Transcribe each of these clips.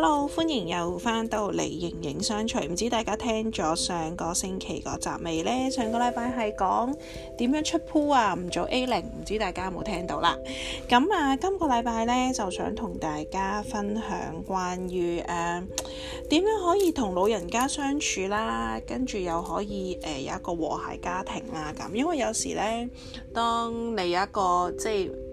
hello，歡迎又翻到嚟形影相隨，唔知大家聽咗上個星期嗰集未呢？上個禮拜係講點樣出 Pool 啊，唔做 A0，唔知大家有冇聽到啦？咁啊，今、這個禮拜呢，就想同大家分享關於誒點樣可以同老人家相處啦，跟住又可以誒、呃、有一個和諧家庭啦、啊、咁，因為有時呢，當你有一個即係。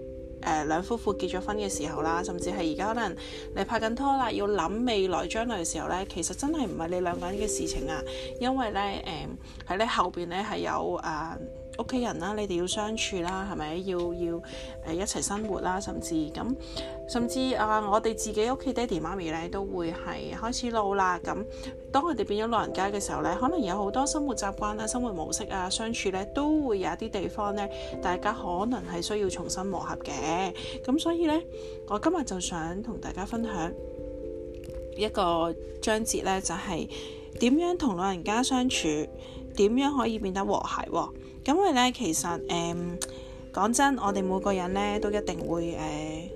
誒兩、呃、夫婦結咗婚嘅時候啦，甚至係而家可能你拍緊拖啦，要諗未來將來嘅時候呢，其實真係唔係你兩個人嘅事情啊，因為呢，誒、呃、喺你後邊呢，係有啊屋企人啦，你哋要相處啦，係咪要要、呃、一齊生活啦，甚至咁。甚至啊，我哋自己屋企爹哋媽咪咧都會係開始老啦。咁當佢哋變咗老人家嘅時候咧，可能有好多生活習慣啊、生活模式啊、相處咧，都會有一啲地方咧，大家可能係需要重新磨合嘅。咁所以咧，我今日就想同大家分享一個章節咧，就係點樣同老人家相處，點樣可以變得和諧喎、啊。因為咧，其實誒講、呃、真，我哋每個人咧都一定會誒。呃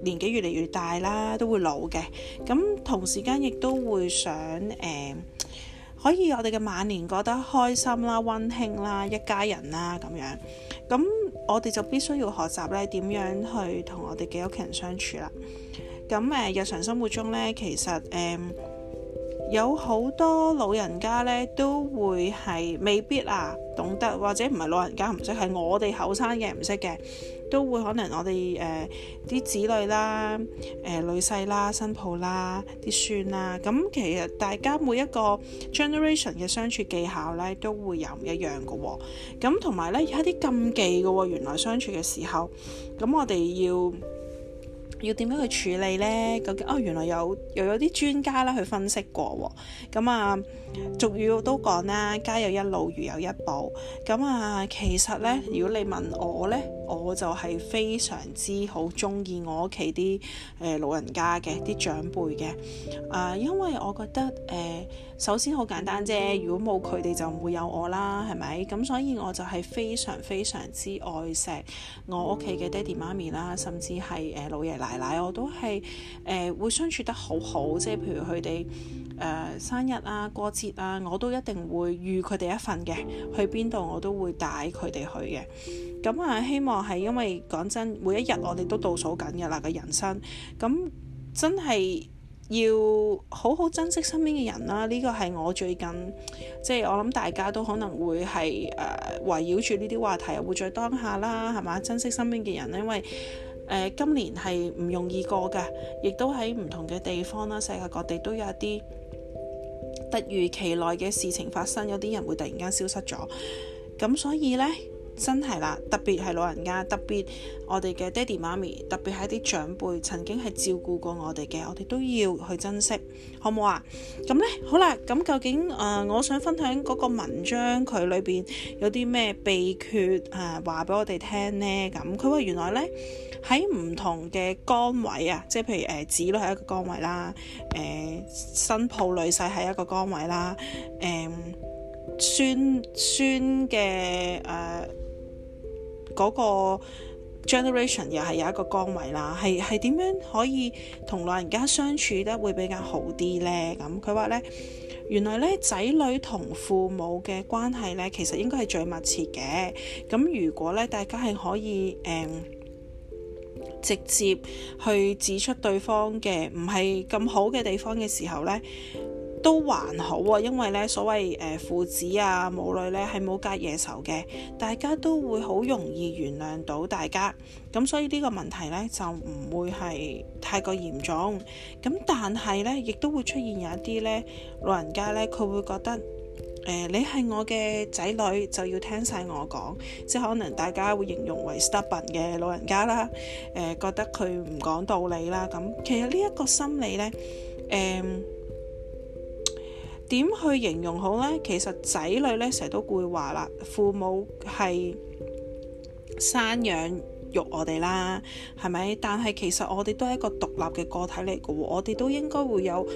年紀越嚟越大啦，都會老嘅。咁同時間亦都會想誒、呃，可以我哋嘅晚年過得開心啦、溫馨啦、一家人啦咁樣。咁我哋就必須要學習咧點樣去同我哋嘅屋企人相處啦。咁誒、呃，日常生活中咧，其實誒、呃、有好多老人家咧都會係未必啊。懂得或者唔係老人家唔識，係我哋後生嘅唔識嘅，都會可能我哋誒啲子女啦、誒、呃、女婿啦、新抱啦、啲孫啦，咁、嗯、其實大家每一個 generation 嘅相處技巧咧都會有唔一樣嘅喎、哦，咁同埋咧有一啲禁忌嘅喎，原來相處嘅時候，咁、嗯、我哋要。要點樣去處理咧？究竟，咁啊、哦，原來有又有啲專家啦去分析過喎、哦。咁、嗯、啊，俗語都講啦，家有一老，如有一寶。咁、嗯、啊，其實呢，如果你問我呢。我就係非常之好鍾意我屋企啲誒老人家嘅啲長輩嘅啊、呃，因為我覺得誒、呃、首先好簡單啫。如果冇佢哋就唔會有我啦，係咪咁？所以我就係非常非常之愛錫我屋企嘅爹哋媽咪啦，甚至係誒、呃、老爺奶奶，我都係誒、呃、會相處得好好。即係譬如佢哋誒生日啊、過節啊，我都一定會預佢哋一份嘅。去邊度我都會帶佢哋去嘅。咁啊，希望係因為講真，每一日我哋都倒數緊嘅啦，個人生。咁真係要好好珍惜身邊嘅人啦。呢個係我最近，即係我諗大家都可能會係誒、呃、圍繞住呢啲話題，活在當下啦，係嘛？珍惜身邊嘅人，因為、呃、今年係唔容易過㗎，亦都喺唔同嘅地方啦，世界各地都有一啲突如其來嘅事情發生，有啲人會突然間消失咗。咁所以呢。真係啦，特別係老人家，特別我哋嘅爹哋媽咪，特別係啲長輩曾經係照顧過我哋嘅，我哋都要去珍惜，好唔好啊？咁呢，好啦，咁究竟誒、呃，我想分享嗰個文章佢裏邊有啲咩秘訣誒，話、呃、俾我哋聽呢？咁佢話原來呢，喺唔同嘅崗位啊，即係譬如誒、呃、子女係一個崗位啦，誒新抱女婿係一個崗位啦，誒孫孫嘅誒。嗰個 generation 又係有一個崗位啦，係係點樣可以同老人家相處得會比較好啲呢？咁佢話呢，原來呢，仔女同父母嘅關係呢，其實應該係最密切嘅。咁如果呢，大家係可以誒、嗯、直接去指出對方嘅唔係咁好嘅地方嘅時候呢。都還好啊，因為咧所謂誒、呃、父子啊母女咧係冇隔夜仇嘅，大家都會好容易原諒到大家，咁所以呢個問題咧就唔會係太過嚴重。咁但係咧，亦都會出現有一啲咧老人家咧，佢會覺得誒、呃、你係我嘅仔女就要聽晒我講，即係可能大家會形容為 stubborn 嘅老人家啦。誒、呃、覺得佢唔講道理啦，咁其實呢一個心理咧，誒、呃。點去形容好呢？其實仔女呢，成日都會話啦，父母係生養育我哋啦，係咪？但係其實我哋都係一個獨立嘅個體嚟㗎喎，我哋都應該會有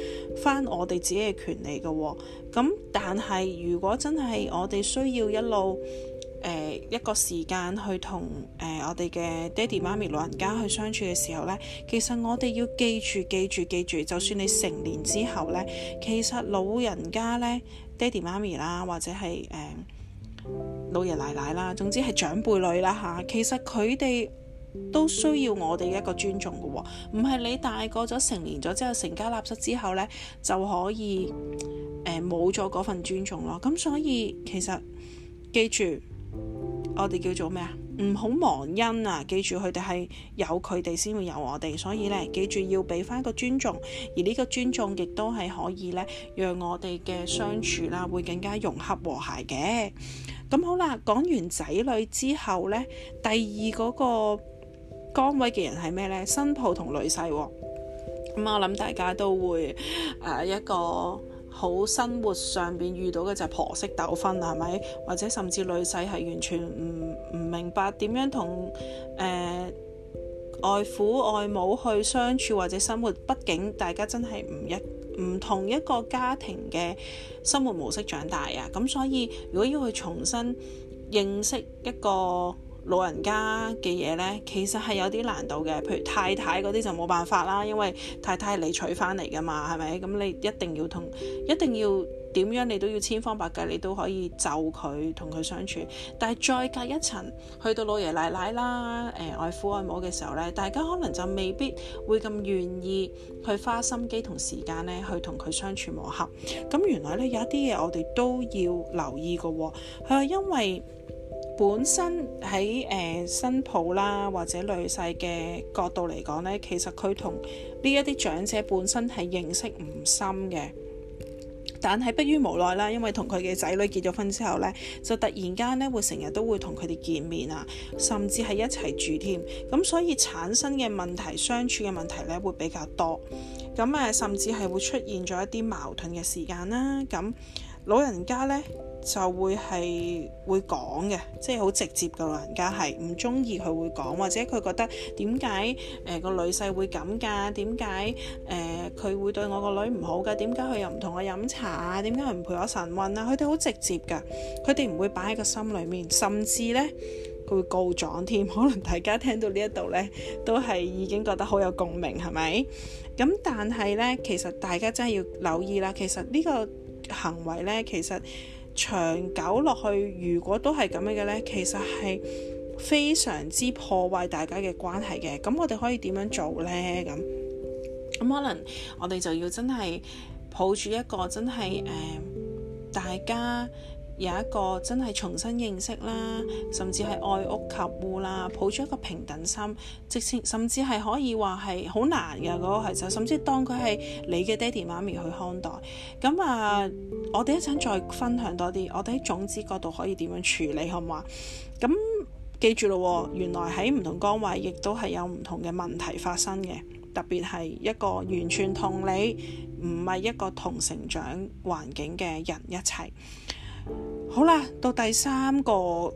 返我哋自己嘅權利㗎喎。咁但係如果真係我哋需要一路。誒、呃、一個時間去同誒、呃、我哋嘅爹哋媽咪老人家去相處嘅時候呢，其實我哋要記住記住記住，就算你成年之後呢，其實老人家呢，爹哋媽咪啦，或者係誒、呃、老爺奶奶啦，總之係長輩女啦嚇、啊，其實佢哋都需要我哋一個尊重嘅喎、哦，唔係你大個咗成年咗之後成家立室之後呢，就可以冇咗嗰份尊重咯。咁所以其實記住。我哋叫做咩啊？唔好忘恩啊！記住佢哋係有佢哋先會有我哋，所以咧，記住要俾翻個尊重，而呢個尊重亦都係可以咧，讓我哋嘅相處啦會更加融合和諧嘅。咁好啦，講完仔女之後咧，第二嗰個崗位嘅人係咩咧？新抱同女婿。咁我諗大家都會誒、啊、一個。好，生活上邊遇到嘅就係婆媳糾紛係咪？或者甚至女婿係完全唔唔明白點樣同誒、呃、外父外母去相處或者生活，畢竟大家真係唔一唔同一個家庭嘅生活模式長大啊！咁所以如果要去重新認識一個。老人家嘅嘢呢，其實係有啲難度嘅。譬如太太嗰啲就冇辦法啦，因為太太係你娶翻嚟噶嘛，係咪？咁你一定要同，一定要點樣，你都要千方百計，你都可以就佢同佢相處。但係再隔一層，去到老爺奶奶啦，誒外父外母嘅時候呢，大家可能就未必會咁願意去花心機同時間呢，去同佢相處磨合。咁原來呢，有一啲嘢我哋都要留意嘅喎、哦，係因為。本身喺誒新抱啦或者女婿嘅角度嚟講呢，其實佢同呢一啲長者本身係認識唔深嘅，但係迫於無奈啦，因為同佢嘅仔女結咗婚之後呢，就突然間呢會成日都會同佢哋見面啊，甚至係一齊住添，咁所以產生嘅問題，相處嘅問題呢會比較多，咁啊甚至係會出現咗一啲矛盾嘅時間啦，咁老人家呢。就會係會講嘅，即係好直接噶啦。人家係唔中意佢會講，或者佢覺得點解誒個女婿會咁㗎？點解誒佢會對我個女唔好㗎？點解佢又唔同我飲茶啊？點解佢唔陪我晨運啊？佢哋好直接㗎，佢哋唔會擺喺個心裡面，甚至呢，佢會告狀添。可能大家聽到呢一度呢，都係已經覺得好有共鳴，係咪？咁但係呢，其實大家真係要留意啦。其實呢個行為呢，其實。長久落去，如果都係咁樣嘅呢，其實係非常之破壞大家嘅關係嘅。咁我哋可以點樣做呢？咁咁可能我哋就要真係抱住一個真係誒、呃，大家。有一個真係重新認識啦，甚至係愛屋及烏啦，抱咗一個平等心，直至甚至係可以話係好難嘅嗰、嗰個係，甚至當佢係你嘅爹哋媽咪去看待咁啊。我哋一陣再分享多啲，我哋喺種子角度可以點樣處理，好唔好啊？咁記住咯，原來喺唔同崗位亦都係有唔同嘅問題發生嘅，特別係一個完全同你唔係一個同成長環境嘅人一齊。好啦，到第三個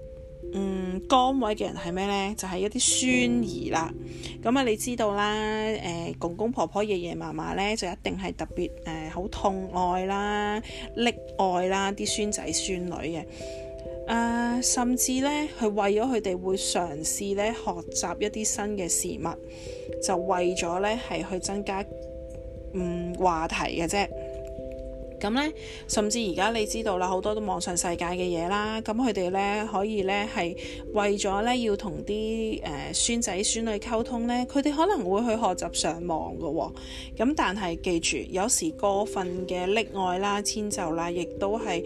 嗯崗位嘅人係咩呢？就係、是、一啲孫兒啦。咁、嗯嗯嗯、啊，你知道啦，誒、呃、公公婆婆爺爺嫲嫲呢，就一定係特別誒好痛愛啦溺愛啦啲孫仔孫女嘅。誒、啊，甚至呢，佢為咗佢哋會嘗試呢學習一啲新嘅事物，就為咗呢係去增加嗯話題嘅啫。咁呢，甚至而家你知道啦，好多都網上世界嘅嘢啦，咁佢哋呢，可以呢，係為咗呢，要同啲誒孫仔孫女溝通呢，佢哋可能會去學習上網㗎喎、哦。咁但係記住，有時過分嘅溺愛啦、遷就啦，亦都係誒、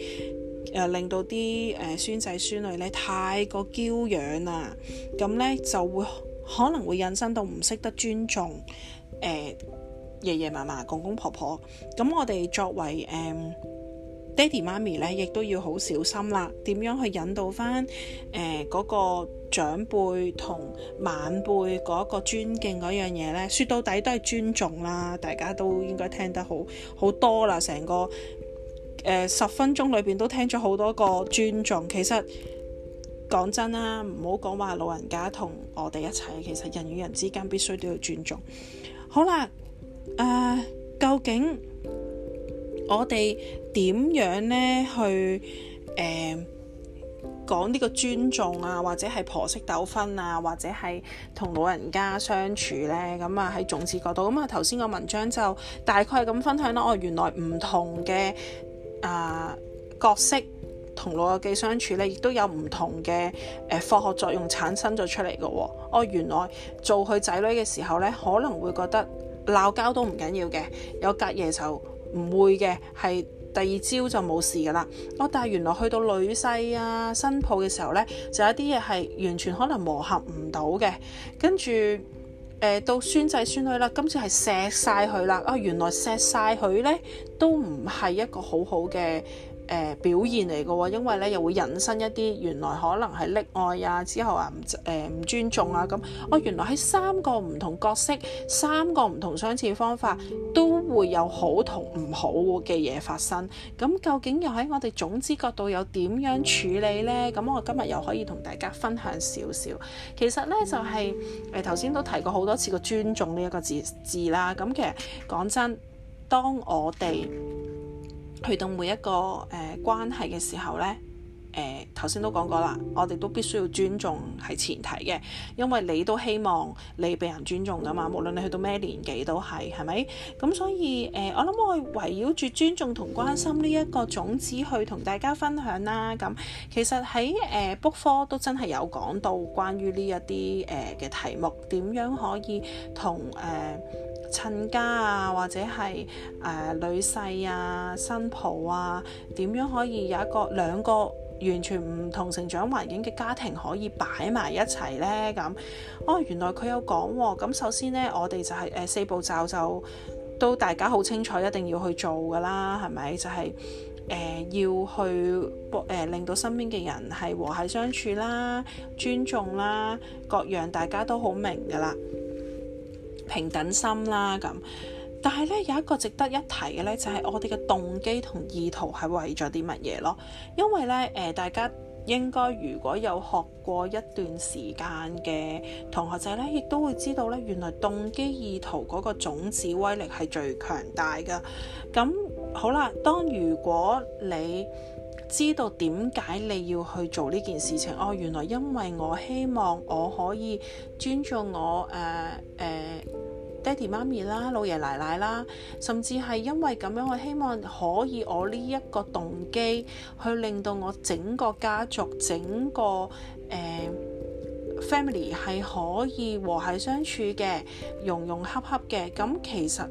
呃、令到啲誒、呃、孫仔孫女呢太過嬌養啦。咁呢，就會可能會引申到唔識得尊重誒。呃爺爺嫲嫲、公公婆婆，咁我哋作為誒、呃、爹哋媽咪呢，亦都要好小心啦。點樣去引導翻誒嗰個長輩同晚輩嗰個尊敬嗰樣嘢呢？説到底都係尊重啦，大家都應該聽得好好多啦。成個呃、十分鐘裏邊都聽咗好多個尊重。其實講真啦，唔好講話老人家同我哋一齊，其實人與人之間必須都要尊重。好啦。啊！Uh, 究竟我哋點樣呢？去誒、呃、講呢個尊重啊，或者係婆媳糾紛啊，或者係同老人家相處呢？咁啊喺種子角度咁啊，頭先個文章就大概咁分享啦。我原來唔同嘅啊、呃、角色同老友記相處呢，亦都有唔同嘅誒、呃、化學作用產生咗出嚟嘅、哦。我原來做佢仔女嘅時候呢，可能會覺得。鬧交都唔緊要嘅，有隔夜就唔會嘅，係第二朝就冇事噶啦。哦，但係原來去到女婿啊、新抱嘅時候呢，就有啲嘢係完全可能磨合唔到嘅。跟住，呃，到孫仔孫女啦，今次係錫晒佢啦。哦，原來錫晒佢呢，都唔係一個好好嘅。誒、呃、表現嚟嘅喎，因為咧又會引申一啲原來可能係溺愛啊，之後啊唔誒唔尊重啊咁，我、哦、原來喺三個唔同角色、三個唔同相似方法都會有好同唔好嘅嘢發生。咁究竟又喺我哋總之角度有點樣處理呢？咁我今日又可以同大家分享少少。其實呢，就係誒頭先都提過好多次個尊重呢一個字字啦。咁其實講真，當我哋去到每一個誒、呃、關係嘅時候呢，誒頭先都講過啦，我哋都必須要尊重係前提嘅，因為你都希望你被人尊重噶嘛，無論你去到咩年紀都係，係咪？咁所以誒、呃，我諗我圍繞住尊重同關心呢一個種子去同大家分享啦。咁其實喺誒 book 科都真係有講到關於呢一啲誒嘅題目，點樣可以同誒。呃親家啊，或者係誒、呃、女婿啊、新抱啊，點樣可以有一個兩個完全唔同成長環境嘅家庭可以擺埋一齊呢？咁哦，原來佢有講喎。咁、哦、首先呢，我哋就係、是、誒、呃、四步驟就都大家好清楚，一定要去做㗎啦，係咪？就係、是、誒、呃、要去誒、呃、令到身邊嘅人係和諧相處啦、尊重啦，各樣大家都好明㗎啦。平等心啦咁，但係咧有一個值得一提嘅咧，就係、是、我哋嘅動機同意圖係為咗啲乜嘢咯？因為咧誒、呃，大家應該如果有學過一段時間嘅同學仔咧，亦都會知道咧，原來動機意圖嗰個種子威力係最強大嘅。咁、嗯、好啦，當如果你知道點解你要去做呢件事情？哦，原來因為我希望我可以尊重我誒誒、呃呃、爹哋媽咪啦、老爺奶奶啦，甚至係因為咁樣，我希望可以我呢一個動機去令到我整個家族、整個誒、呃、family 係可以和諧相處嘅、融融洽洽嘅。咁其實，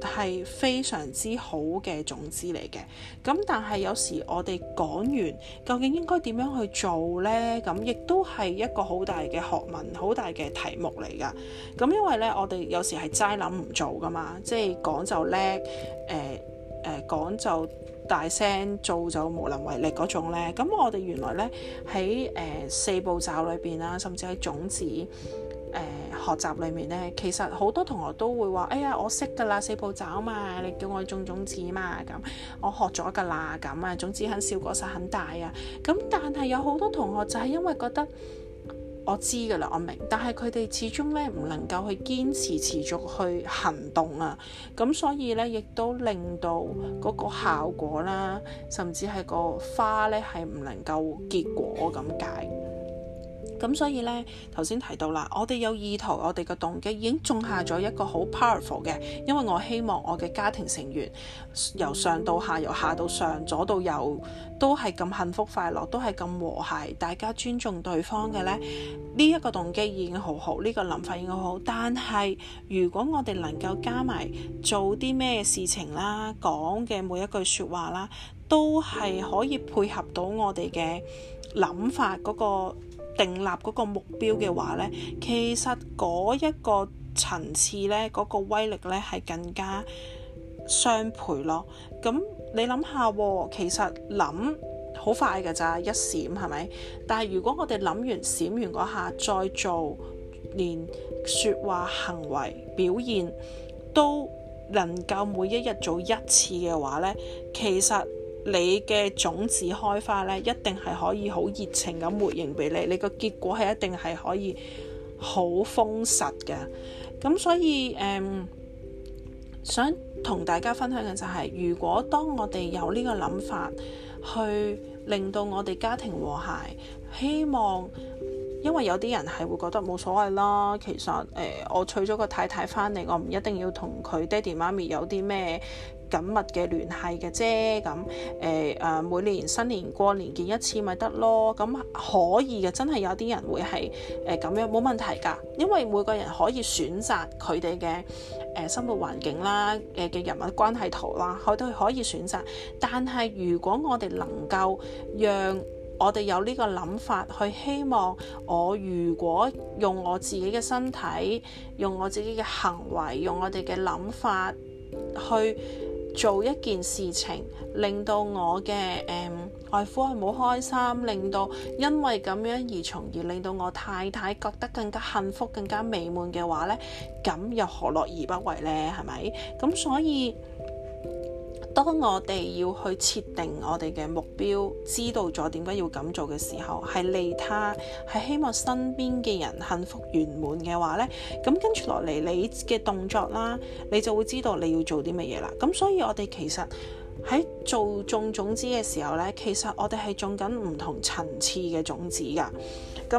係非常之好嘅種子嚟嘅，咁但係有時我哋講完，究竟應該點樣去做呢？咁亦都係一個好大嘅學問、好大嘅題目嚟噶。咁因為呢，我哋有時係齋諗唔做噶嘛，即係講就叻，誒誒講就大聲，做就無能為力嗰種呢。咁我哋原來呢，喺誒、呃、四步驟裏邊啦，甚至係種子。誒、呃、學習裏面咧，其實好多同學都會話，哎呀，我識㗎啦，四步走嘛，你叫我種種子嘛，咁我學咗㗎啦，咁啊，種子很效果實很大啊。咁但係有好多同學就係因為覺得我知㗎啦，我明，但係佢哋始終咧唔能夠去堅持持續去行動啊。咁所以咧，亦都令到嗰個效果啦，甚至係個花咧係唔能夠結果咁解。咁所以呢，頭先提到啦，我哋有意圖，我哋嘅動機已經種下咗一個好 powerful 嘅，因為我希望我嘅家庭成員由上到下，由下到上，左到右都係咁幸福、快樂，都係咁和諧，大家尊重對方嘅呢，呢一個動機已經好好，呢個諗法已經好好。但係如果我哋能夠加埋做啲咩事情啦，講嘅每一句説話啦，都係可以配合到我哋嘅諗法嗰個。定立嗰個目標嘅話呢，其實嗰一個層次呢，嗰、嗰個威力呢係更加雙倍咯。咁你諗下，其實諗好快㗎咋，一閃係咪？但係如果我哋諗完閃完嗰下，再做連説話、行為、表現都能夠每一日做一次嘅話呢，其實。你嘅種子開花咧，一定係可以好熱情咁回應俾你。你個結果係一定係可以好豐實嘅。咁所以誒、嗯，想同大家分享嘅就係、是，如果當我哋有呢個諗法，去令到我哋家庭和諧，希望因為有啲人係會覺得冇所謂啦。其實誒、呃，我娶咗個太太翻嚟，我唔一定要同佢爹哋媽咪有啲咩。緊密嘅聯繫嘅啫，咁誒、誒每年新年過年見一次咪得咯，咁可以嘅，真係有啲人會係誒，咁樣冇問題噶，因為每個人可以選擇佢哋嘅誒生活環境啦，誒、呃、嘅人物關係圖啦，佢都可以選擇。但係如果我哋能夠讓我哋有呢個諗法，去希望我如果用我自己嘅身體，用我自己嘅行為，用我哋嘅諗法去。做一件事情，令到我嘅誒、呃、外父係好開心，令到因為咁樣而從而令到我太太覺得更加幸福、更加美滿嘅話呢，咁又何樂而不為呢？係咪？咁所以。當我哋要去設定我哋嘅目標，知道咗點解要咁做嘅時候，係利他，係希望身邊嘅人幸福圓滿嘅話呢，咁跟住落嚟你嘅動作啦，你就會知道你要做啲乜嘢啦。咁所以我哋其實喺做種種子嘅時候呢，其實我哋係種緊唔同層次嘅種子噶。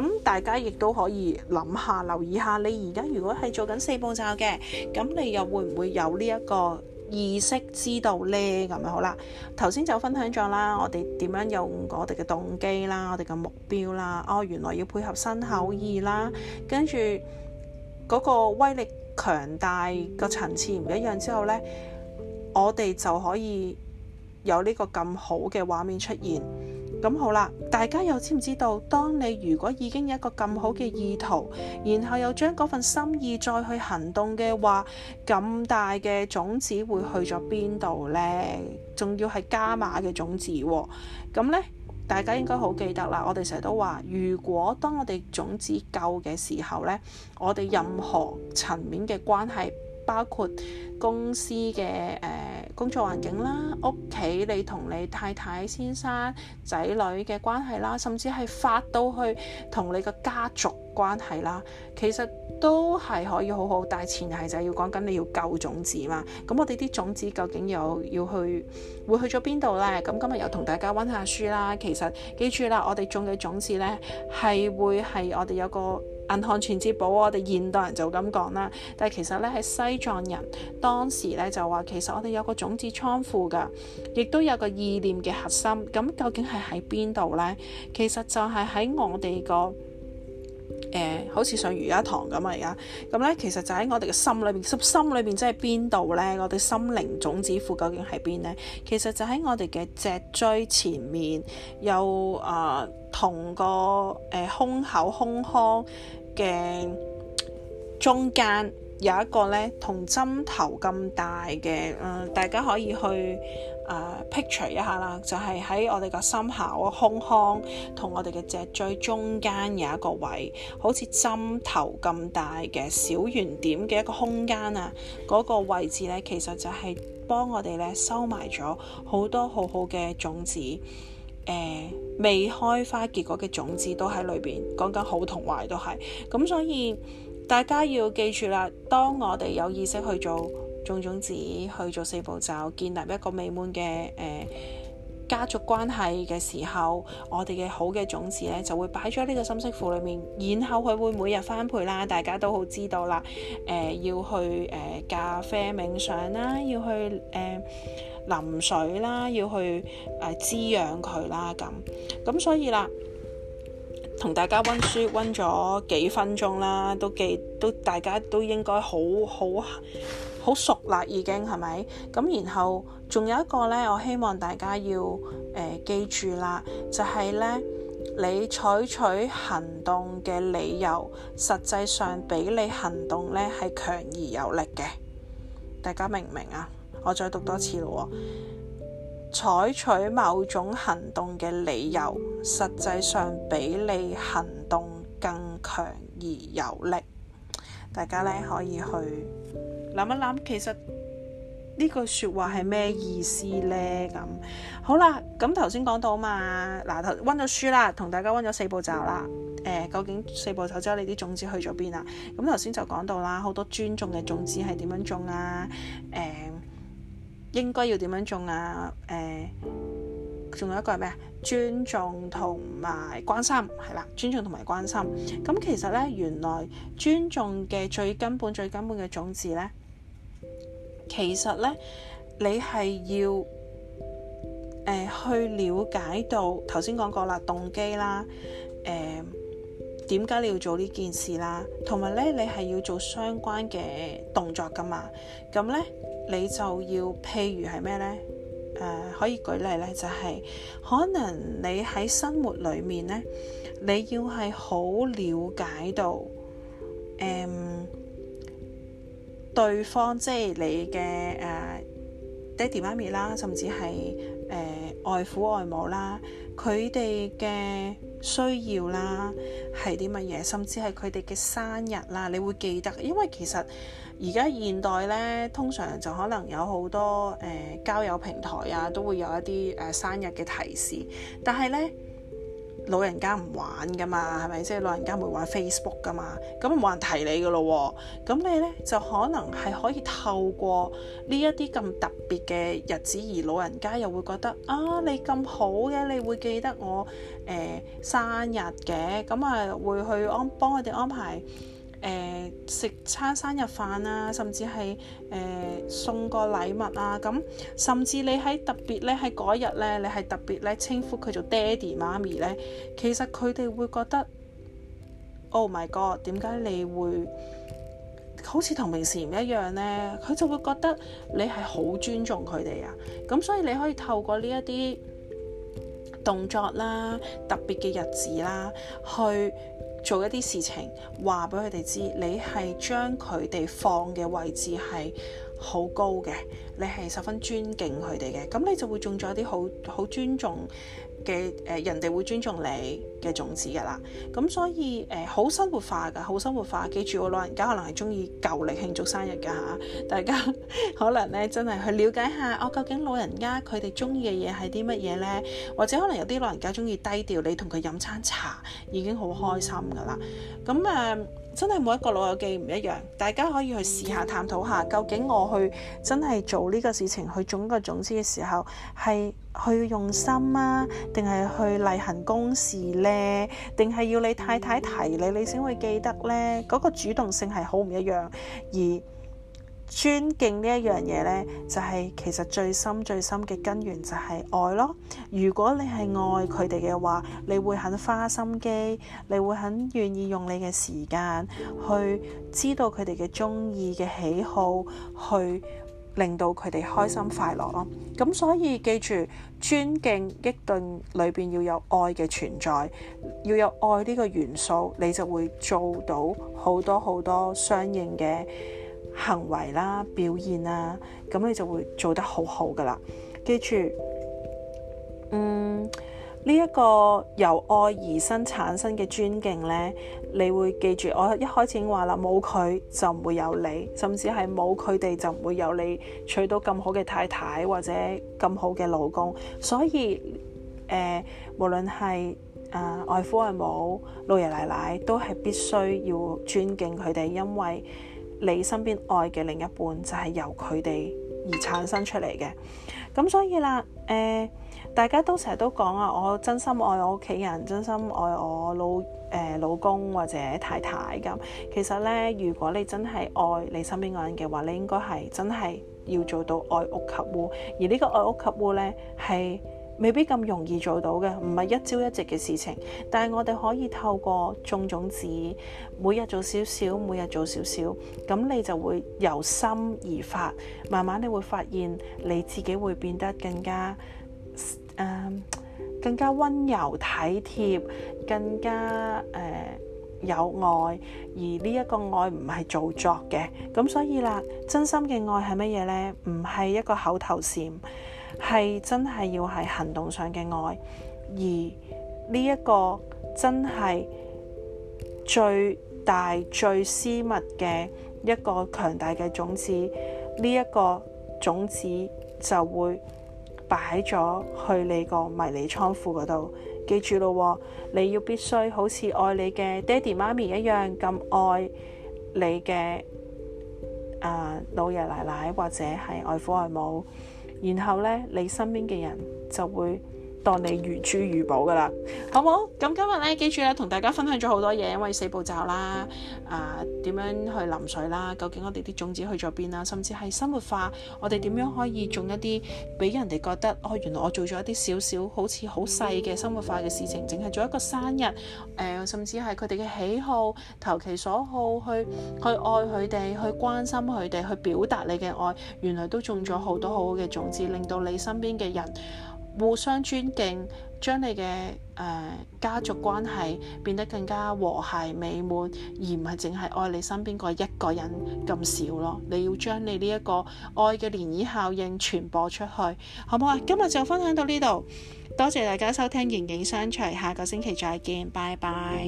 咁大家亦都可以諗下、留意下，你而家如果係做緊四步驟嘅，咁你又會唔會有呢一個？意識知道呢，咁咪好啦。頭先就分享咗啦，我哋點樣用我哋嘅動機啦，我哋嘅目標啦。哦，原來要配合身口意啦，跟住嗰個威力強大個層次唔一樣之後呢，我哋就可以有呢個咁好嘅畫面出現。咁好啦，大家又知唔知道？當你如果已經有一個咁好嘅意圖，然後又將嗰份心意再去行動嘅話，咁大嘅種子會去咗邊度呢？仲要係加碼嘅種子喎，哦。咁呢，大家應該好記得啦。我哋成日都話，如果當我哋種子夠嘅時候呢，我哋任何層面嘅關係，包括公司嘅工作環境啦，屋企你同你太太、先生、仔女嘅關係啦，甚至係發到去同你個家族關係啦，其實都係可以好好。但係前提就係要講緊你要救種子嘛。咁我哋啲種子究竟又要去會去咗邊度呢？咁今日又同大家溫下書啦。其實記住啦，我哋種嘅種子呢，係會係我哋有個銀行存摺簿，我哋現代人就咁講啦，但係其實咧係西藏人當時咧就話，其實我哋有個種子倉庫㗎，亦都有個意念嘅核心，咁究竟係喺邊度咧？其實就係喺我哋個。誒，好似上瑜伽堂咁啊！而家咁咧，其實就喺我哋嘅心裏邊，心心裏邊即係邊度咧？我哋心靈種子庫究竟喺邊咧？其實就喺我哋嘅脊椎前面，又啊、呃，同個誒、呃、胸口胸腔嘅中間有一個咧，同針頭咁大嘅，嗯、呃，大家可以去。啊、uh, picture 一下啦，就係、是、喺我哋個心下個胸腔同我哋嘅脊椎中間有一個位，好似針頭咁大嘅小圓點嘅一個空間啊！嗰、那個位置咧，其實就係幫我哋咧收埋咗好多好好嘅種子，誒、呃、未開花結果嘅種子都喺裏邊，講緊好同壞都係，咁所以大家要記住啦，當我哋有意識去做。種種子去做四步驟，建立一個美滿嘅誒、呃、家族關係嘅時候，我哋嘅好嘅種子咧就會擺咗喺呢個心識庫裏面，然後佢會每日翻倍啦。大家都好知道啦，誒、呃、要去誒、呃、咖啡冥想啦，要去誒、呃、淋水啦，要去誒、呃、滋養佢啦。咁咁所以啦，同大家温書温咗幾分鐘啦，都記都大家都應該好好。好熟啦，已經係咪咁？然後仲有一個呢，我希望大家要誒、呃、記住啦，就係、係、呢：你採取行動嘅理由，實際上比你行動呢係強而有力嘅。大家明唔明啊？我再讀多次咯。採取某種行動嘅理由，實際上比你行動更強而有力。大家呢可以去，諗一諗，其實呢句説話係咩意思呢？咁好啦，咁頭先講到嘛，嗱，溫咗書啦，同大家溫咗四步驟啦。誒、呃，究竟四步驟之後，你啲種子去咗邊啊？咁頭先就講到啦，好多尊重嘅種子係點樣種啊？誒、呃，應該要點樣種啊？誒、呃，仲有一個係咩？尊重同埋關心係啦，尊重同埋關心。咁其實呢，原來尊重嘅最根本、最根本嘅種子呢。其實咧，你係要誒去了解到頭先講過啦，動機啦，誒點解你要做呢件事啦，同埋咧，你係要做相關嘅動作㗎嘛。咁咧，你就要譬如係咩咧？誒可以舉例咧，就係可能你喺生活裏面咧，你要係好了解到誒。對方即係你嘅誒爹哋媽咪啦，甚至係誒、uh, 外父外母啦，佢哋嘅需要啦係啲乜嘢，甚至係佢哋嘅生日啦，你會記得，因為其實而家現代咧，通常就可能有好多誒、uh, 交友平台啊，都會有一啲誒、uh, 生日嘅提示，但係咧。老人家唔玩㗎嘛，係咪？即係老人家唔會玩 Facebook 㗎嘛，咁冇人提你㗎咯。咁你呢，就可能係可以透過呢一啲咁特別嘅日子，而老人家又會覺得啊，你咁好嘅，你會記得我誒、呃、生日嘅，咁啊會去安幫佢哋安排。誒食、呃、餐生日飯啊，甚至係誒、呃、送個禮物啊，咁、嗯、甚至你喺特別咧，喺嗰日咧，你係特別咧稱呼佢做爹哋媽咪咧，其實佢哋會覺得，oh my god，點解你會好似同平時唔一樣呢？佢就會覺得你係好尊重佢哋啊，咁所以你可以透過呢一啲動作啦、特別嘅日子啦，去做一啲事情，話俾佢哋知，你係將佢哋放嘅位置係好高嘅，你係十分尊敬佢哋嘅，咁你就會種咗一啲好好尊重嘅，誒、呃、人哋會尊重你嘅種子噶啦。咁所以，誒、呃、好生活化噶，好生活化。記住，我老人家可能係中意舊曆慶祝生日噶吓、啊，大家 可能咧真係去了解下，我、啊、究竟老人家佢哋中意嘅嘢係啲乜嘢咧？或者可能有啲老人家中意低調，你同佢飲餐茶已經好開心噶啦。咁誒。呃真係每一個老友記唔一樣，大家可以去試下 探討下，究竟我去真係做呢個事情去種一個種子嘅時候，係去用心啊，定係去例行公事呢？定係要你太太提你，你先會記得呢？嗰個主動性係好唔一樣而。尊敬呢一樣嘢呢，就係、是、其實最深最深嘅根源就係愛咯。如果你係愛佢哋嘅話，你會肯花心機，你會肯願意用你嘅時間去知道佢哋嘅鍾意嘅喜好，去令到佢哋開心快樂咯。咁、嗯、所以記住，尊敬激頓裏邊要有愛嘅存在，要有愛呢個元素，你就會做到好多好多相應嘅。行為啦、表現啦，咁你就會做得好好㗎喇。記住，嗯，呢一個由愛而生產生嘅尊敬呢，你會記住。我一開始已經話喇，冇佢就唔會有你，甚至係冇佢哋就唔會有你娶到咁好嘅太太或者咁好嘅老公。所以，誒，無論係啊外父外母、老爺奶奶，都係必須要尊敬佢哋，因為，你身邊愛嘅另一半就係由佢哋而產生出嚟嘅，咁所以啦，誒、呃，大家都成日都講啊，我真心愛我屋企人，真心愛我老誒、呃、老公或者太太咁。其實呢，如果你真係愛你身邊嗰人嘅話，你應該係真係要做到愛屋及烏，而呢個愛屋及烏呢，係。未必咁容易做到嘅，唔係一朝一夕嘅事情。但係我哋可以透過種種子，每日做少少，每日做少少，咁你就會由心而發，慢慢你會發現你自己會變得更加，呃、更加溫柔體貼，更加誒、呃、有愛。而呢一個愛唔係做作嘅，咁所以啦，真心嘅愛係乜嘢咧？唔係一個口頭禪。係真係要係行動上嘅愛，而呢一個真係最大最私密嘅一個強大嘅種子，呢一個種子就會擺咗去你個迷你倉庫嗰度。記住咯，你要必須好似愛你嘅爹哋媽咪一樣咁愛你嘅老爺奶奶或者係外父外母。然後咧，你身邊嘅人就會，當你如珠如寶噶啦，好冇？好？咁今日咧，記住咧，同大家分享咗好多嘢，因為四步驟啦，啊、呃、點樣去淋水啦？究竟我哋啲種子去咗邊啦？甚至係生活化，我哋點樣可以種一啲俾人哋覺得哦？原來我做咗一啲少少好似好細嘅生活化嘅事情，淨係做一個生日，誒、呃，甚至係佢哋嘅喜好，投其所好，去去愛佢哋，去關心佢哋，去表達你嘅愛，原來都種咗好多好好嘅種子，令到你身邊嘅人，互相尊敬，將你嘅誒、呃、家族關係變得更加和諧美滿，而唔係淨係愛你身邊嗰一個人咁少咯。你要將你呢一個愛嘅漣漪效應傳播出去，好唔好啊？今日就分享到呢度，多謝大家收聽《形影相隨》，下個星期再見，拜拜。